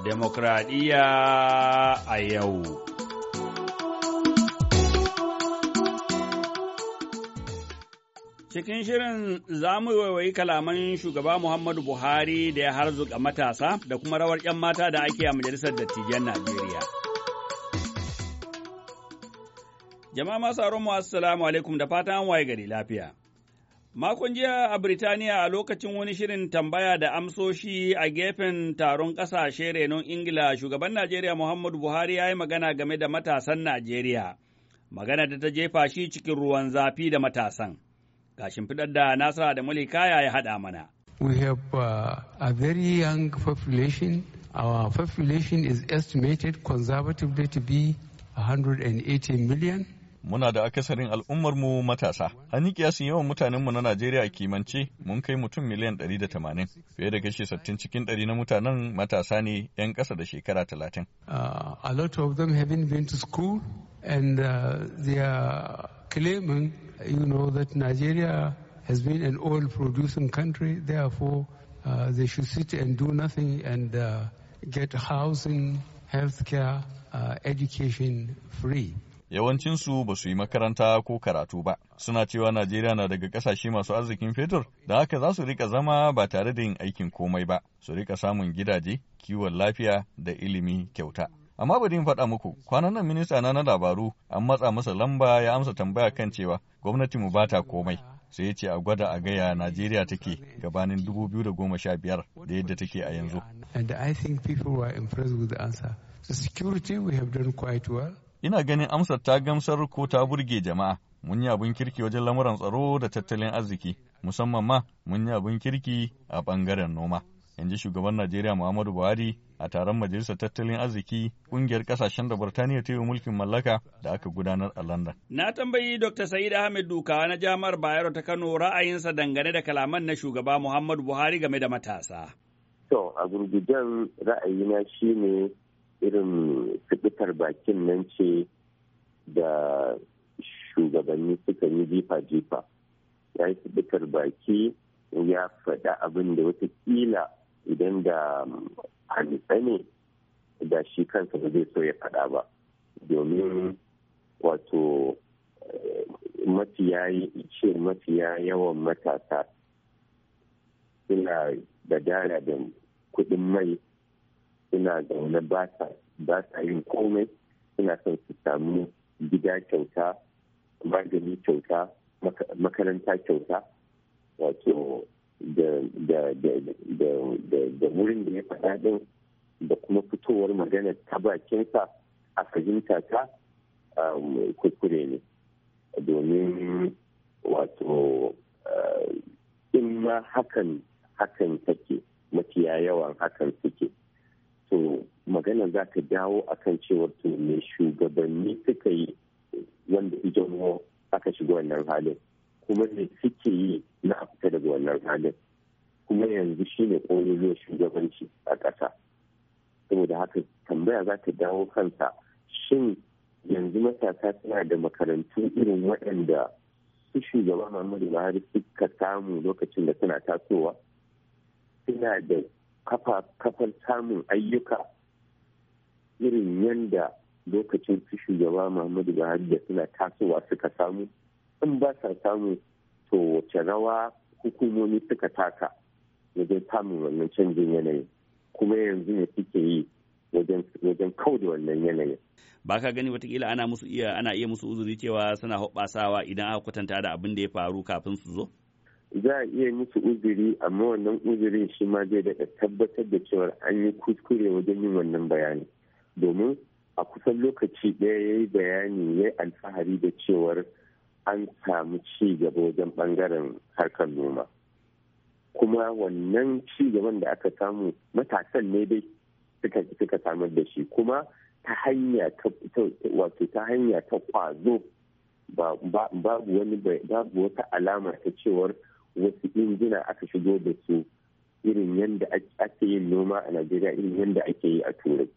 Demokradiyya a yau. Cikin shirin za mu waiwayi kalaman shugaba Muhammadu Buhari da ya harzuka matasa da kuma rawar 'yan mata da ake a Majalisar Dattijan Najeriya. Jama'a masu mu assalamu alaikum da fatan waye gari lafiya. Makon jiya a Birtaniya a lokacin wani shirin tambaya da amsoshi a gefen taron ƙasashe renon Ingila, shugaban Najeriya Muhammadu Buhari ya yi magana game da matasan Najeriya, magana da ta jefa shi cikin ruwan zafi da matasan. Ga shimfiɗar da Nasara da Malikaya ya haɗa mana. We have uh, a very young population. Our population is estimated conservatively to be 180 million. muna da akasarin al'ummarmu matasa. An yi kiyasin yawan mutanenmu na Najeriya kimance mun kai mutum miliyan 180. Fiye da kashi 60 cikin 100 na mutanen matasa ne 'yan ƙasa da shekara 30. Uh, a lot of them have been to school and uh, they are claiming you know that Nigeria has been an oil producing country therefore uh, they should sit and do nothing and uh, get housing, healthcare, uh, education free. yawancinsu ba su yi makaranta ko karatu ba suna cewa najeriya na daga kasashe masu arzikin fetur da haka za su rika zama ba tare da yin aikin komai ba su rika samun gidaje kiwon lafiya da ilimi kyauta amma bari in faɗa muku kwanan nan minista na na labaru an matsa masa lamba ya amsa tambaya kan cewa gwamnati mu bata komai sai ya ce a gwada a gaya Najeriya take gabanin 2015 da yadda take a yanzu. And I think people were security we have done Ina ganin amsar ta gamsar ko ta burge jama'a. Mun yi abin kirki wajen lamuran tsaro da tattalin arziki, musamman ma mun yi abin kirki a bangaren noma. in ji shugaban Najeriya Muhammadu Buhari a taron Majalisar Tattalin Arziki kungiyar kasashen da Burtaniya ta yi mulkin mallaka da aka gudanar a London. Na tambayi Dr. Sa'id Ahmed Duka na jamar Bayero ta Kano ra'ayinsa dangane da kalaman na shugaba Muhammadu Buhari game da matasa. To, a gurgujen ra'ayina shine irin fiɗitar bakin nan ce da shugabanni suka yi jifa-jifa ya yi tubitar baki ya faɗa abin da watakila idan da halitta um, ne da shi kansa ba zai so ya faɗa ba domin wato eh, mafiya ce mafiya yawan matasa suna da dara da kuɗin mai suna zaune ba sa yin komai suna son su samu gida kyauta magani kyauta makaranta kyauta wato da wurin da ya faɗa ɗin da kuma fitowar magana ta bakinsa a fahimta ta um, kuskure ne domin wato uh, in ma hakan hakan take mafiya yawan hakan suke so magana za ka dawo a kan cewar to me shugabanni suka yi wanda idan aka shiga wannan halin kuma me suke yi na fita daga wannan halin kuma yanzu shi shine ƙololuwar shugabanci a ƙasa saboda haka tambaya za ta dawo kansa shin yanzu matasa suna da makarantu irin waɗanda su shugaba mamadu Buhari suka samu lokacin da suna tasowa suna da kafar samun ayyuka irin yadda lokacin su shugaba Muhammadu Buhari da suna tasowa suka samu in ba sa samu to wace rawa hukumomi suka taka wajen samun wannan canjin yanayi kuma yanzu ne suke yi wajen kau da wannan yanayin. Ba ka gani watakila ana iya ana iya musu uzuri cewa suna hoɓasawa idan aka kwatanta da abin da ya faru kafin su zo? za a iya musu uzuri amma wannan uzurin shi ma zai daga tabbatar da cewa an yi kuskure wajen yin wannan bayani domin a kusan lokaci ɗaya ya yi bayani ya yi alfahari da cewar an samu ci gaba wajen ɓangaren harkar noma kuma wannan ci gaban da aka samu matasan ne dai suka suka samar da shi kuma ta hanya wato ta hanya ta kwazo babu wani babu wata alama ta cewar wasu injina aka shigo da su irin yadda ake yin noma a najeriya irin yadda ake yi a turai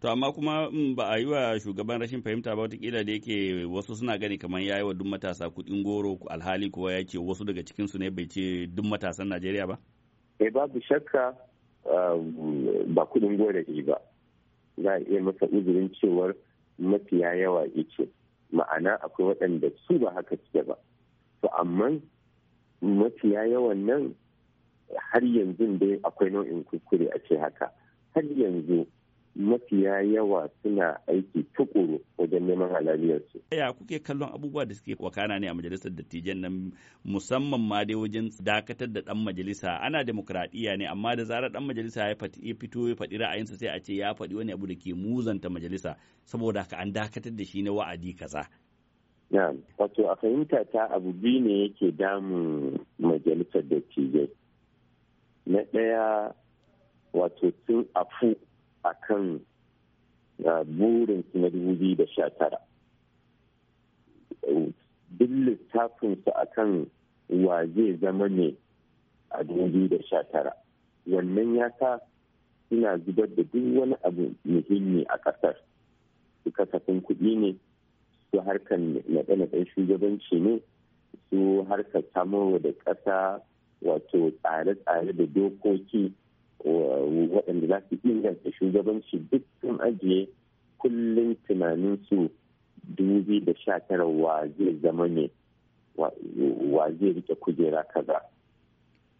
to amma kuma mm, ba a yi wa shugaban rashin fahimta ba watakila da yake wasu suna gani kamar ya yi wa duk matasa kuɗin goro alhali kuwa ya ce wasu daga cikinsu ne bai ce duk matasan najeriya ba eh babu shakka um, ba kuɗin goro ne ba za a iya masa uzurin cewar mafiya yawa yake ma'ana akwai waɗanda su ba haka suke ba to amma mafiya yawan nan har yanzu dai akwai nau'in kuskure a ce haka har yanzu mafiya yawa suna aiki tukuru wajen neman halaliyarsu. Ya kuke kallon abubuwa da suke wakana ne a majalisar dattijan nan musamman ma dai wajen dakatar da dan majalisa ana demokradiyya ne amma da zarar dan majalisa ya ya fito ya faɗi ra'ayinsa sai a ce ya faɗi wani abu da ke muzanta majalisa saboda ka an dakatar da shi na wa'adi kaza. Na wato a fahimta ta abu biyu ne yake damun majalisar dattijai na ɗaya wato sun afu a kan burinsu na 2019 duk littafinsu a kan wa zama ne a 2019 wannan ya sa suna zubar da duk wani abu muhimmi a ƙasar su kasafin kuɗi ne su harkar naɗe-naɗen shugabanci ne su harkar samarwa da ƙasa wato tsare-tsare da dokoki waɗanda za su inganta shugabanci duk sun ajiye kullum tunanin su tara wa zai zama ne wa zai rike kujera kaza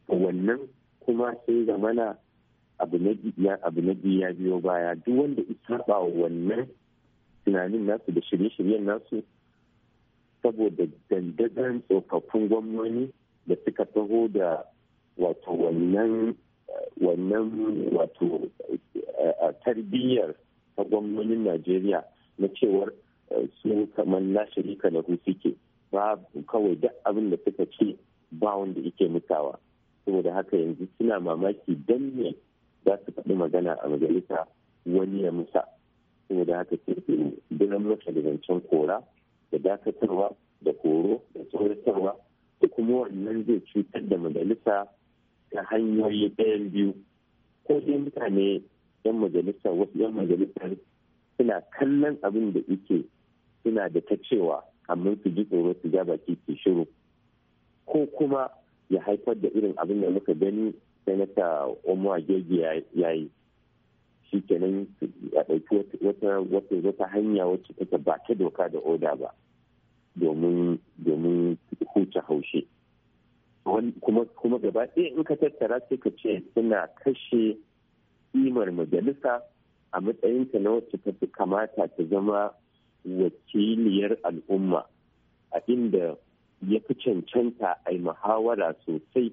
wannan kuma sai zamana abu na biyu ya biyo baya duk wanda isa ba wannan tunanin nasu da shirye-shiryen nasu saboda dandadan tsofaffin gwamnoni da suka taho da wato wannan wannan wato eh, tarbiyyar ta gwamnonin najeriya na cewar eh, su kamar na shirika na ke ba kawai duk abin da suka ce ba wanda yake mutawa saboda haka yanzu suna mamaki don me za su faɗi magana a majalisa wani ya musa saboda haka sai su binan masa da zancen kora da dakatarwa da koro da tsoratarwa da kuma wannan zai cutar da majalisa ta hanyoyi ɗayan biyu ko dai mutane yan majalisa wasu yan majalisa suna kallon abin da ike suna da ta cewa amma su ji tsoro su ja baki su shiru ko kuma ya haifar da irin abin da muka gani sanata omar gege ya yi shi kenan a ɗauki wata hanya wacce take ba ta doka da oda ba domin domin huce haushe kuma gaba ɗaya in ka tattara sai ka ce suna kashe imar majalisa a matsayinta na wacce ta fi kamata ta zama wakiliyar al'umma a inda ya fi cancanta a yi muhawara sosai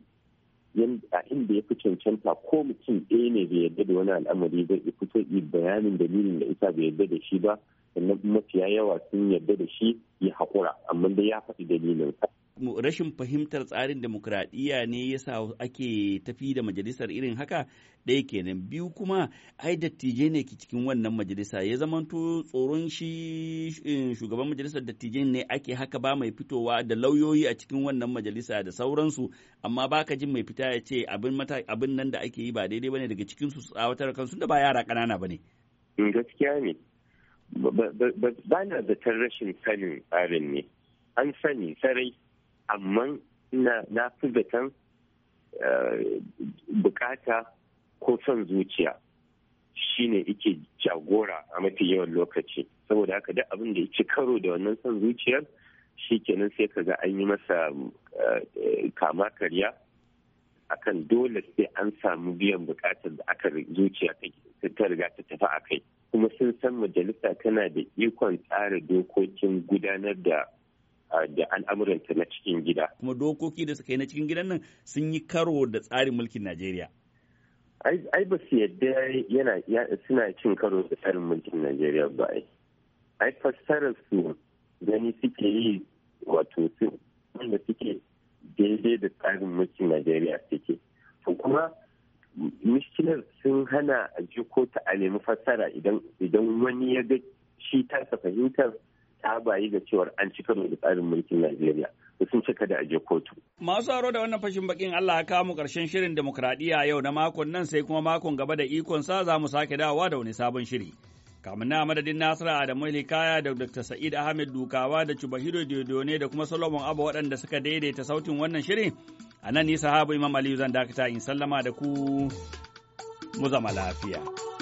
a inda ya fi cancanta ko mutum ɗaya ne bai yarda da wani al'amari ba ya fito yi bayanin dalilin da ita bai yarda da shi ba sannan mafiya yawa sun yarda da shi ya haƙura amma dai ya faɗi dalilin rashin fahimtar tsarin demokradiyya ne ya yasa ake tafi da majalisar irin haka ɗaya kenan biyu kuma ai dattijai ne ke cikin wannan majalisa ya zamanto tsoron shi eh, shugaban majalisar dattijai ne ake haka ba mai fitowa da lauyoyi a cikin wannan majalisa da sauransu amma baka ji mai fita fita ya ce abin abin nan da ake yi ba daidai bane daga cikin su tsawatar kansu da ba yara kanana bane mm, gaskiya ne ba na zaton rashin sanin tsarin ne an sani sarai amma na fi zaton eh, bukata ko son zuciya shine ike jagora a mafi yawan lokaci saboda haka duk abin da ya ci karo da wannan son zuciyar shi kenan sai ka ga an yi masa eh, eh, kama karya akan dole sai an samu biyan bukatar da aka zuciya ta riga ta tafi a kai kuma sun san majalisa tana da ikon tsara dokokin gudanar da da al'amuranta na cikin gida. Kuma dokoki da suka yi na cikin gidan nan sun yi karo da tsarin mulkin Najeriya. Ai ba su yadda yana suna cin karo da tsarin mulkin Najeriya ba ai. Ai fassarar su gani suke yi wato su wanda suke daidai da tsarin mulkin najeriya take to kuma miskinar sun hana a ji ko ta a nemi fassara idan wani ya ga shi tasa fahimtar ta bayi ga cewar an cika da tsarin mulkin najeriya sun cika da aje kotu. Masu aro da wannan fashin bakin Allah ya kamu karshen shirin demokradiyya yau na makon nan sai kuma makon gaba da ikon sa za mu sake dawowa da wani sabon shiri. Kamun na madadin Nasiru Adamu Hikaya da Dr. Sa'id Ahmed Dukawa da Chubahiro dodone da kuma Solomon abu waɗanda suka daidaita sautin wannan shirin. A nan ni sahabu Imam Aliyu zan dakata in sallama da ku mu zama lafiya.